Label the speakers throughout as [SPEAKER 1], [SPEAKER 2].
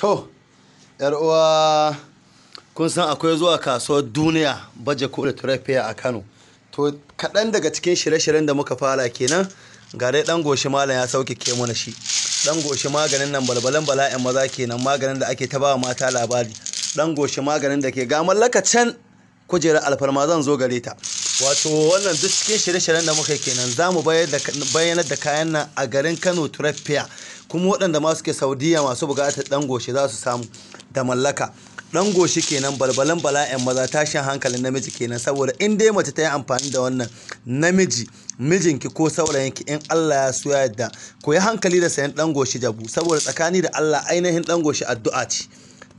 [SPEAKER 1] To, uwa kun san akwai zuwa kasuwar duniya baje koli turafiya a Kano. To, kaɗan daga cikin shirye-shiryen da muka fara kenan ga dai ɗan goshi malam ya sauke ke mana shi. Ɗan goshi maganin nan balbalan bala'in maza kenan maganin da ake ta ba mata labari. Ɗan goshi maganin da ke ga mallaka kujerar alfarma zan zo gare ta. wato wannan duk cikin shirye-shiryen da muka kenan za mu bayyanar da kayan nan a garin kano turaffiya kuma waɗanda ma suke saudiya masu buƙatar ɗan goshi za su samu da mallaka ɗan goshi kenan balbalan 'yan maza tashin hankalin namiji kenan saboda in dai mace ta yi amfani da wannan namiji mijinki ko saurayinki in Allah ya so ya ku yi hankali da sayan ɗan goshi jabu saboda tsakani da Allah ainihin ɗan goshi addu'a ce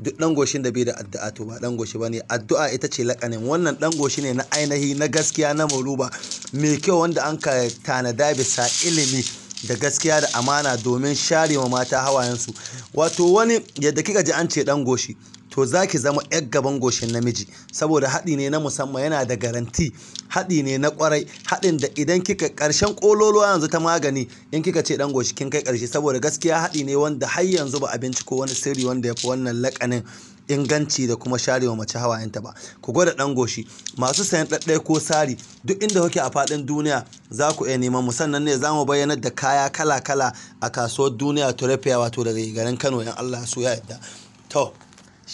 [SPEAKER 1] duk dan goshin da bai da addu'a to ba dan goshi bane addu'a ita ce lakanin wannan dan goshi ne na ainihi na gaskiya na muruba mai kyau wanda an ka tanada bisa ilimi da gaskiya da amana domin share wa mata su wato wani yadda kika ji an ce dan goshi to za ki zama 'yar gaban goshin namiji saboda haɗi ne na musamman yana da garanti haɗi ne na kwarai haɗin da idan kika ƙarshen ƙololuwa yanzu ta magani in kika ce ɗan goshi kin kai ƙarshe saboda gaskiya haɗi ne wanda har yanzu ba abinci ko wani sirri wanda ya fi wannan laƙanin inganci da kuma sharewa mace hawayenta ba ku gwada ɗan goshi masu sayan ɗaɗɗai ko sari duk inda kuke a faɗin duniya za ku iya neman mu sannan ne za mu bayyana da kaya kala kala a kasuwar duniya turefiya wato daga garin kano yan allah su ya yadda to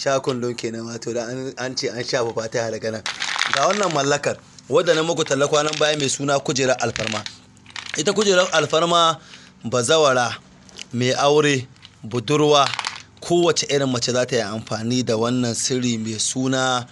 [SPEAKER 1] sha kundun kenan wato da an ce an shafa fatiha daga nan ga wannan mallakar wadda na muku talla kwanan baya mai suna kujerar alfarma ita kujerar alfarma bazawara mai aure budurwa kowace irin mace za ta yi amfani da wannan sirri mai suna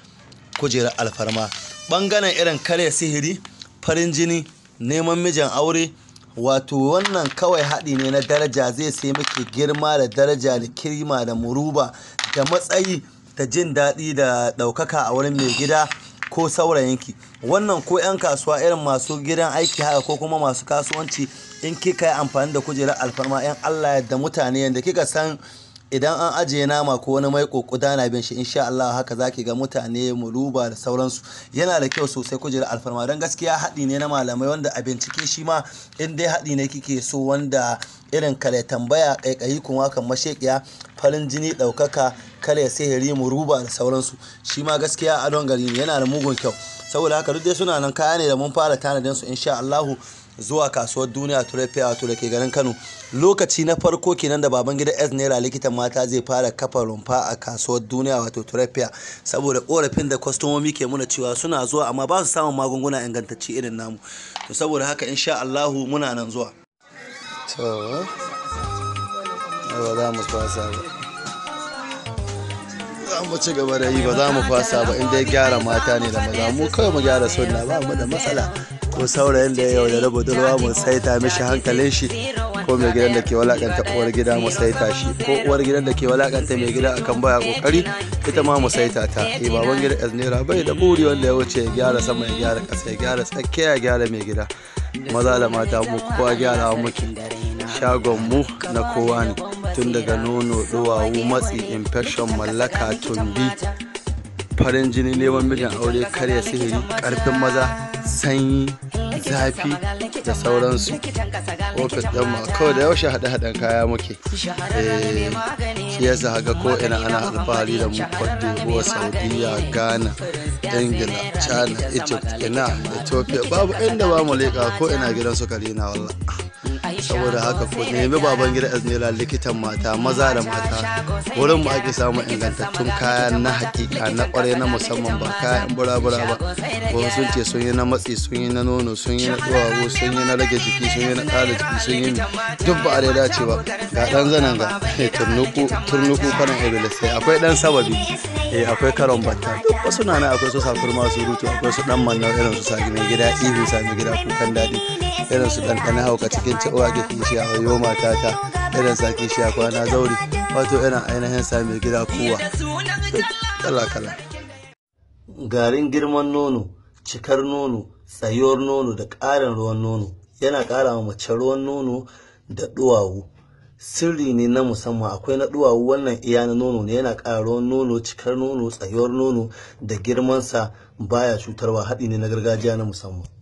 [SPEAKER 1] kujerar alfarma ɓangaren irin karya sihiri farin jini neman mijin aure wato wannan kawai haɗi ne na daraja zai sai muke girma da daraja da kirma da muruba da matsayi da jin daɗi da ɗaukaka a wurin mai gida ko saurayinki wannan ko 'yan kasuwa irin masu gidan aiki haka ko kuma masu kasuwanci in kika yi amfani da kujerar alfarma 'yan allah yadda mutane yadda kika san idan an ajiye nama ko wani mai kokuta na bin shi insha Allah haka zaki ga mutane muluba da sauransu yana da kyau sosai jira alfarma don gaskiya haɗi ne na malamai wanda a bincike shi ma in dai haɗi ne kike so wanda irin kare tambaya kaikayi kuma kan mashekiya farin jini ɗaukaka yari sihiri muruba da sauransu shi ma gaskiya a don gari ne yana da mugun kyau saboda haka duk dai suna nan kaya ne da mun fara tanadin su insha Allahu zuwa kasuwar duniya turai fair da ke ganin kano lokaci na farko kenan da baban gida s naira likitan mata zai fara kafa rumfa a kasuwar duniya wato turai saboda korafin da kwastomomi ke muna cewa suna zuwa amma ba su samun magunguna ingantacci irin namu to saboda haka insha allahu muna nan zuwa za mu fasa ba in ci gaba da yi ba za mu fasa ba inda gyara mata ne da maza mu kawai mu gyara sunna ba mu da matsala ko saurayin da yau da budurwa mu saita mishi hankalin shi ko mai gidan da ke walakanta uwar gida mu saita shi ko uwar gidan da ke walakanta mai gida akan baya kokari ita ma mu saita ta eh baban gida Aznera bai da buri wanda ya wuce ya gyara sama ya gyara ƙasa ya gyara tsakiya ya gyara mai gida maza da mata mu kowa gyara muke shagon mu na kowa ne tun daga nono duwawu matsi infection mallaka tumbi farin jini neman mijin aure karya sihiri karfin maza sanyi zafi da sauransu ofis ɗin ma kawai da yaushe haɗe-haɗen kaya muke eh, shi ya zaga ko ina ana alfahari da mu ruwa saudiya ghana ingila china egypt ina ethiopia babu inda ba mu leƙa ko ina gidan su na wallah saboda haka ku nemi baban gida aznela likitan mata maza da mata wurin mu ake samun ingantattun kaya na hakika na kwarai na musamman ba kayan bura-bura ba ko sun ce sun yi na matsi sun yi na nono sun yi na duwawo sun yi na rage jiki sun yi na kala jiki sun yi duk ba a da dace ba ga dan zanen ga eh, turnuku turnuku karan sai akwai dan sababi eh, akwai karon batta duk wasu na akwai su safurma su rutu akwai su dan manna irin su sa gida ihu sa gida kukan daɗi irin su ɗanɗana hauka cikin ci uwa ke kishiya mata matata irin sa kishiya kwana zauri wato irin ainihin sa mai gida kowa kala kala garin girman nono cikar nono tsayuwar nono da ƙarin ruwan nono yana ƙara wa mace ruwan nono da ɗuwawu sirri ne na musamman akwai na ɗuwawu wannan iya na nono ne yana ƙara ruwan nono cikar nono tsayuwar nono da girmansa baya cutarwa haɗi ne na gargajiya na musamman